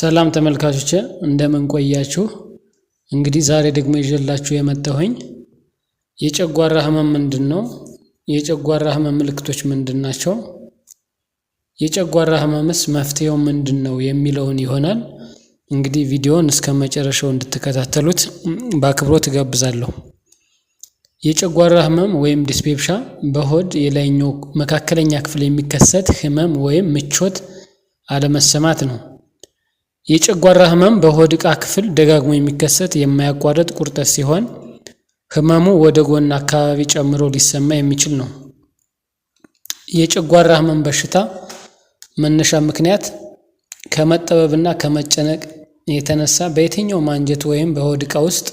ሰላም ተመልካቾች እንደምን ቆያችሁ? እንግዲህ ዛሬ ደግሞ ይዤላችሁ የመጣሁኝ የጨጓራ ህመም ምንድን ነው? የጨጓራ ህመም ምልክቶች ምንድን ናቸው? የጨጓራ ህመምስ መፍትሄው ምንድን ነው የሚለውን ይሆናል። እንግዲህ ቪዲዮውን እስከ መጨረሻው እንድትከታተሉት በአክብሮት እጋብዛለሁ። የጨጓራ ህመም ወይም ዲስፔፕሻ በሆድ የላይኛው መካከለኛ ክፍል የሚከሰት ህመም ወይም ምቾት አለመሰማት ነው። የጨጓራ ህመም በሆድ ዕቃ ክፍል ደጋግሞ የሚከሰት የማያቋርጥ ቁርጠት ሲሆን ህመሙ ወደ ጎን አካባቢ ጨምሮ ሊሰማ የሚችል ነው። የጨጓራ ህመም በሽታ መነሻ ምክንያት ከመጠበብና ከመጨነቅ የተነሳ በየትኛውም አንጀት ወይም በሆድ ዕቃ ውስጥ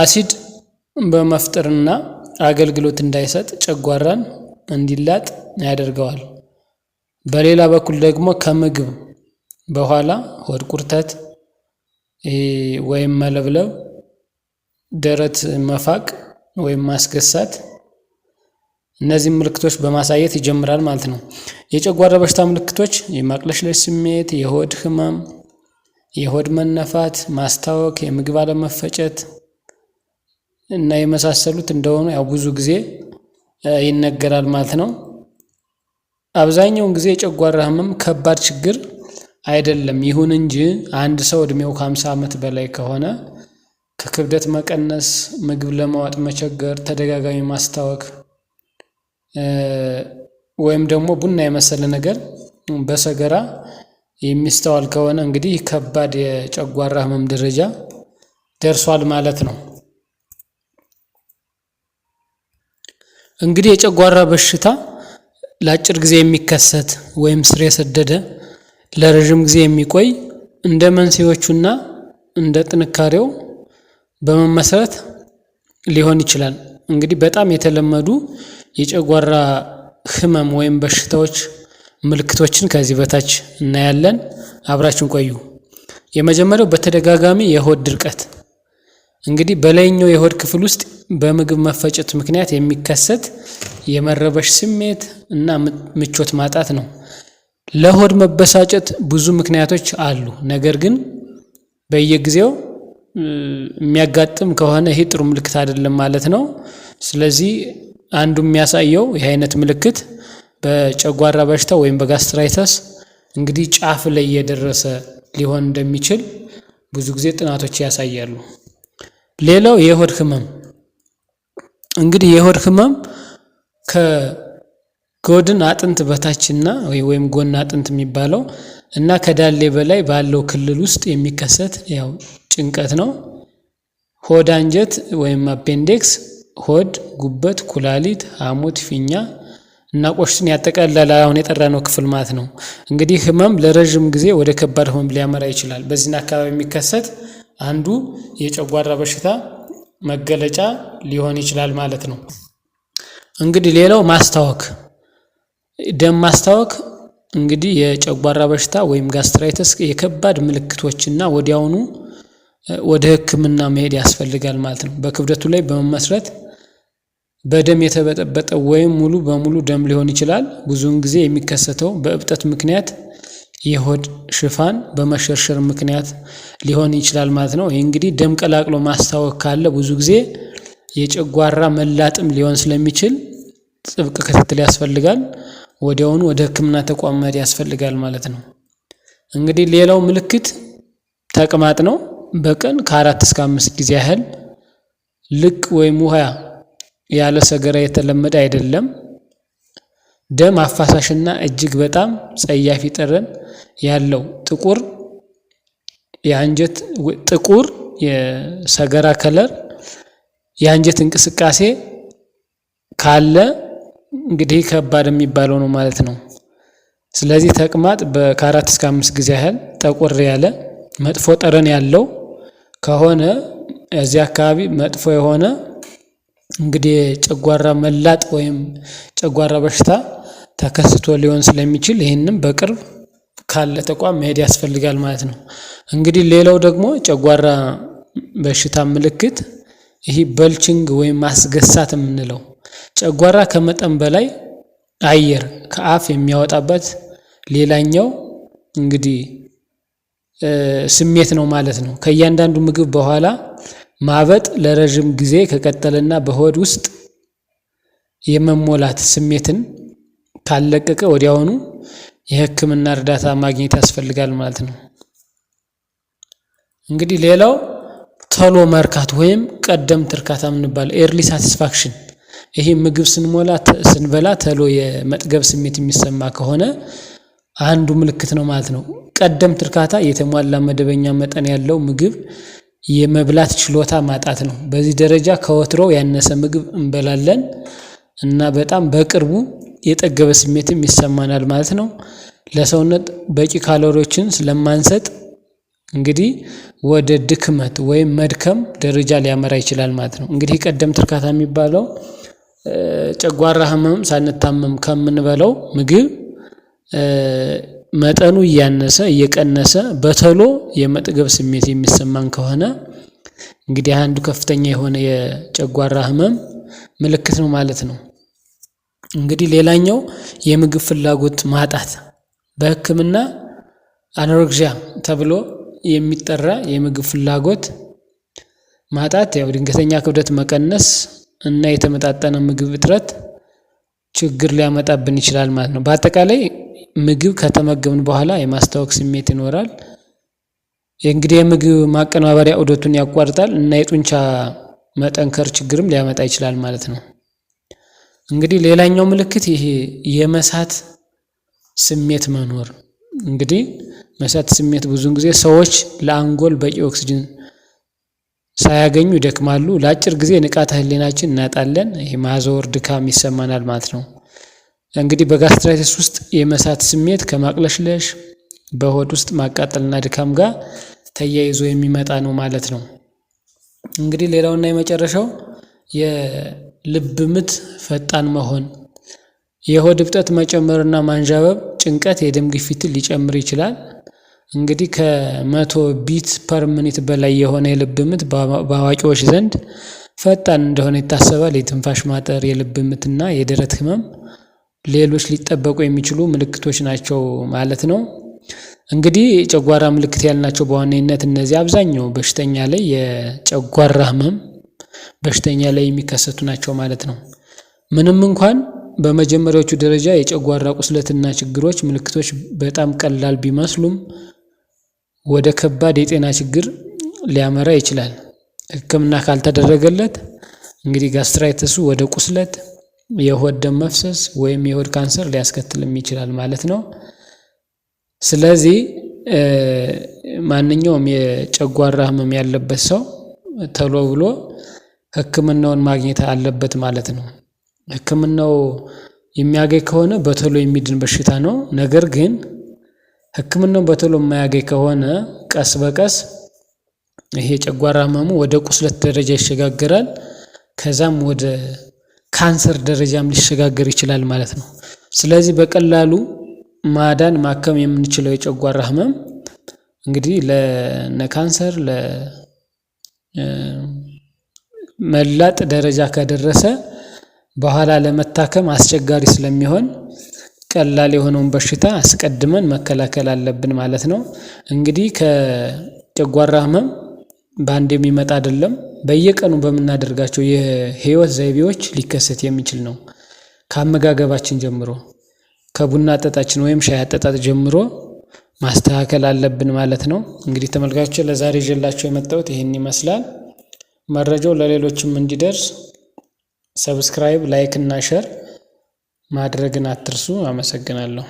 አሲድ በመፍጠርና አገልግሎት እንዳይሰጥ ጨጓራን እንዲላጥ ያደርገዋል። በሌላ በኩል ደግሞ ከምግብ በኋላ ሆድ ቁርተት ወይም መለብለብ፣ ደረት መፋቅ ወይም ማስገሳት እነዚህ ምልክቶች በማሳየት ይጀምራል ማለት ነው። የጨጓራ በሽታ ምልክቶች የማቅለሽለሽ ስሜት፣ የሆድ ህመም፣ የሆድ መነፋት፣ ማስታወክ፣ የምግብ አለመፈጨት እና የመሳሰሉት እንደሆኑ ያው ብዙ ጊዜ ይነገራል ማለት ነው። አብዛኛውን ጊዜ የጨጓራ ህመም ከባድ ችግር አይደለም። ይሁን እንጂ አንድ ሰው እድሜው ከአምሳ ዓመት በላይ ከሆነ ከክብደት መቀነስ፣ ምግብ ለማዋጥ መቸገር፣ ተደጋጋሚ ማስታወክ ወይም ደግሞ ቡና የመሰለ ነገር በሰገራ የሚስተዋል ከሆነ እንግዲህ ከባድ የጨጓራ ህመም ደረጃ ደርሷል ማለት ነው። እንግዲህ የጨጓራ በሽታ ለአጭር ጊዜ የሚከሰት ወይም ስር የሰደደ ለረዥም ጊዜ የሚቆይ እንደ መንስኤዎቹና እንደ ጥንካሬው በመመሰረት ሊሆን ይችላል። እንግዲህ በጣም የተለመዱ የጨጓራ ህመም ወይም በሽታዎች ምልክቶችን ከዚህ በታች እናያለን። አብራችን ቆዩ። የመጀመሪያው በተደጋጋሚ የሆድ ድርቀት እንግዲህ በላይኛው የሆድ ክፍል ውስጥ በምግብ መፈጨት ምክንያት የሚከሰት የመረበሽ ስሜት እና ምቾት ማጣት ነው። ለሆድ መበሳጨት ብዙ ምክንያቶች አሉ። ነገር ግን በየጊዜው የሚያጋጥም ከሆነ ይሄ ጥሩ ምልክት አይደለም ማለት ነው። ስለዚህ አንዱ የሚያሳየው ይህ አይነት ምልክት በጨጓራ በሽታ ወይም በጋስትራይተስ እንግዲህ ጫፍ ላይ የደረሰ ሊሆን እንደሚችል ብዙ ጊዜ ጥናቶች ያሳያሉ። ሌላው የሆድ ህመም እንግዲህ የሆድ ህመም ከ ከወድን አጥንት በታችና ወይም ጎን አጥንት የሚባለው እና ከዳሌ በላይ ባለው ክልል ውስጥ የሚከሰት ያው ጭንቀት ነው። ሆድ አንጀት ወይም አፔንዴክስ ሆድ፣ ጉበት፣ ኩላሊት፣ ሐሞት፣ ፊኛ እና ቆሽትን ያጠቃልላል። አሁን የጠራነው ክፍል ማለት ነው። እንግዲህ ህመም ለረዥም ጊዜ ወደ ከባድ ህመም ሊያመራ ይችላል። በዚህን አካባቢ የሚከሰት አንዱ የጨጓራ በሽታ መገለጫ ሊሆን ይችላል ማለት ነው። እንግዲህ ሌላው ማስታወክ ደም ማስታወክ እንግዲህ የጨጓራ በሽታ ወይም ጋስትራይተስ የከባድ ምልክቶችና ወዲያውኑ ወደ ህክምና መሄድ ያስፈልጋል ማለት ነው። በክብደቱ ላይ በመመስረት በደም የተበጠበጠ ወይም ሙሉ በሙሉ ደም ሊሆን ይችላል። ብዙውን ጊዜ የሚከሰተው በእብጠት ምክንያት የሆድ ሽፋን በመሸርሸር ምክንያት ሊሆን ይችላል ማለት ነው። ይህ እንግዲህ ደም ቀላቅሎ ማስታወክ ካለ ብዙ ጊዜ የጨጓራ መላጥም ሊሆን ስለሚችል ጥብቅ ክትትል ያስፈልጋል። ወዲያውኑ ወደ ህክምና ተቋም መሄድ ያስፈልጋል ማለት ነው። እንግዲህ ሌላው ምልክት ተቅማጥ ነው። በቀን ከአራት እስከ አምስት ጊዜ ያህል ልቅ ወይም ውሃ ያለ ሰገራ የተለመደ አይደለም። ደም አፋሳሽና እጅግ በጣም ጸያፊ ጠረን ያለው ጥቁር የአንጀት ጥቁር የሰገራ ከለር የአንጀት እንቅስቃሴ ካለ እንግዲህ ከባድ የሚባለው ነው ማለት ነው። ስለዚህ ተቅማጥ ከአራት እስከ አምስት ጊዜ ያህል ጠቆር ያለ መጥፎ ጠረን ያለው ከሆነ እዚህ አካባቢ መጥፎ የሆነ እንግዲህ ጨጓራ መላጥ ወይም ጨጓራ በሽታ ተከስቶ ሊሆን ስለሚችል ይህንም በቅርብ ካለ ተቋም መሄድ ያስፈልጋል ማለት ነው። እንግዲህ ሌላው ደግሞ ጨጓራ በሽታ ምልክት ይሄ በልችንግ ወይም ማስገሳት የምንለው ጨጓራ ከመጠን በላይ አየር ከአፍ የሚያወጣበት ሌላኛው እንግዲህ ስሜት ነው ማለት ነው። ከእያንዳንዱ ምግብ በኋላ ማበጥ ለረዥም ጊዜ ከቀጠለና በሆድ ውስጥ የመሞላት ስሜትን ካለቀቀ ወዲያውኑ የሕክምና እርዳታ ማግኘት ያስፈልጋል ማለት ነው። እንግዲህ ሌላው ተሎ መርካት ወይም ቀደምት እርካታ የምንባለው ኤርሊ ሳቲስፋክሽን ይሄ ምግብ ስንሞላ ስንበላ ተሎ የመጥገብ ስሜት የሚሰማ ከሆነ አንዱ ምልክት ነው ማለት ነው። ቀደምት እርካታ የተሟላ መደበኛ መጠን ያለው ምግብ የመብላት ችሎታ ማጣት ነው። በዚህ ደረጃ ከወትሮ ያነሰ ምግብ እንበላለን እና በጣም በቅርቡ የጠገበ ስሜትም ይሰማናል ማለት ነው። ለሰውነት በቂ ካሎሪዎችን ስለማንሰጥ እንግዲህ ወደ ድክመት ወይም መድከም ደረጃ ሊያመራ ይችላል ማለት ነው። እንግዲህ ቀደምት እርካታ የሚባለው ጨጓራ ህመም ሳንታመም ከምንበላው ምግብ መጠኑ እያነሰ እየቀነሰ በተሎ የመጥገብ ስሜት የሚሰማን ከሆነ እንግዲህ አንዱ ከፍተኛ የሆነ የጨጓራ ህመም ምልክት ነው ማለት ነው። እንግዲህ ሌላኛው የምግብ ፍላጎት ማጣት በህክምና አኖሬክሲያ ተብሎ የሚጠራ የምግብ ፍላጎት ማጣት ያው ድንገተኛ ክብደት መቀነስ እና የተመጣጠነ ምግብ እጥረት ችግር ሊያመጣብን ይችላል ማለት ነው። በአጠቃላይ ምግብ ከተመገብን በኋላ የማስታወክ ስሜት ይኖራል። እንግዲህ የምግብ ማቀነባበሪያ ዑደቱን ያቋርጣል እና የጡንቻ መጠንከር ችግርም ሊያመጣ ይችላል ማለት ነው። እንግዲህ ሌላኛው ምልክት ይሄ የመሳት ስሜት መኖር እንግዲህ መሰት ስሜት ብዙውን ጊዜ ሰዎች ለአንጎል በቂ ኦክስጅን ሳያገኙ ይደክማሉ። ለአጭር ጊዜ ንቃተ ህሊናችን እናጣለን። ይህ ማዞር ድካም ይሰማናል ማለት ነው። እንግዲህ በጋስትራይተስ ውስጥ የመሳት ስሜት ከማቅለሽለሽ በሆድ ውስጥ ማቃጠልና ድካም ጋር ተያይዞ የሚመጣ ነው ማለት ነው። እንግዲህ ሌላውና የመጨረሻው የልብ ምት ፈጣን መሆን፣ የሆድ እብጠት መጨመርና ማንዣበብ፣ ጭንቀት የደም ግፊትን ሊጨምር ይችላል። እንግዲህ ከመቶ ቢት ፐር ምኒት በላይ የሆነ የልብ ምት በአዋቂዎች ዘንድ ፈጣን እንደሆነ ይታሰባል። የትንፋሽ ማጠር፣ የልብ ምትና የደረት ህመም ሌሎች ሊጠበቁ የሚችሉ ምልክቶች ናቸው ማለት ነው። እንግዲህ የጨጓራ ምልክት ያልናቸው በዋነኝነት እነዚህ አብዛኛው በሽተኛ ላይ የጨጓራ ህመም በሽተኛ ላይ የሚከሰቱ ናቸው ማለት ነው። ምንም እንኳን በመጀመሪያዎቹ ደረጃ የጨጓራ ቁስለትና ችግሮች ምልክቶች በጣም ቀላል ቢመስሉም ወደ ከባድ የጤና ችግር ሊያመራ ይችላል። ህክምና ካልተደረገለት እንግዲህ ጋስትራይተሱ ወደ ቁስለት፣ የሆድ ደም መፍሰስ ወይም የሆድ ካንሰር ሊያስከትልም ይችላል ማለት ነው። ስለዚህ ማንኛውም የጨጓራ ህመም ያለበት ሰው ተሎ ብሎ ህክምናውን ማግኘት አለበት ማለት ነው። ህክምናው የሚያገኝ ከሆነ በተሎ የሚድን በሽታ ነው። ነገር ግን ህክምናው በቶሎ የማያገኝ ከሆነ ቀስ በቀስ ይሄ የጨጓራ ህመሙ ወደ ቁስለት ደረጃ ይሸጋገራል። ከዛም ወደ ካንሰር ደረጃም ሊሸጋገር ይችላል ማለት ነው። ስለዚህ በቀላሉ ማዳን ማከም የምንችለው የጨጓራ ህመም እንግዲህ ለካንሰር ለመላጥ ደረጃ ከደረሰ በኋላ ለመታከም አስቸጋሪ ስለሚሆን ቀላል የሆነውን በሽታ አስቀድመን መከላከል አለብን ማለት ነው። እንግዲህ ከጨጓራ ህመም በአንድ የሚመጣ አይደለም በየቀኑ በምናደርጋቸው የህይወት ዘይቤዎች ሊከሰት የሚችል ነው። ከአመጋገባችን ጀምሮ ከቡና አጠጣችን ወይም ሻይ አጠጣት ጀምሮ ማስተካከል አለብን ማለት ነው። እንግዲህ ተመልካቾቼ ለዛሬ ይዤላችሁ የመጣሁት ይሄን ይመስላል። መረጃው ለሌሎችም እንዲደርስ ሰብስክራይብ፣ ላይክ እና ሸር ማድረግን አትርሱ አመሰግናለሁ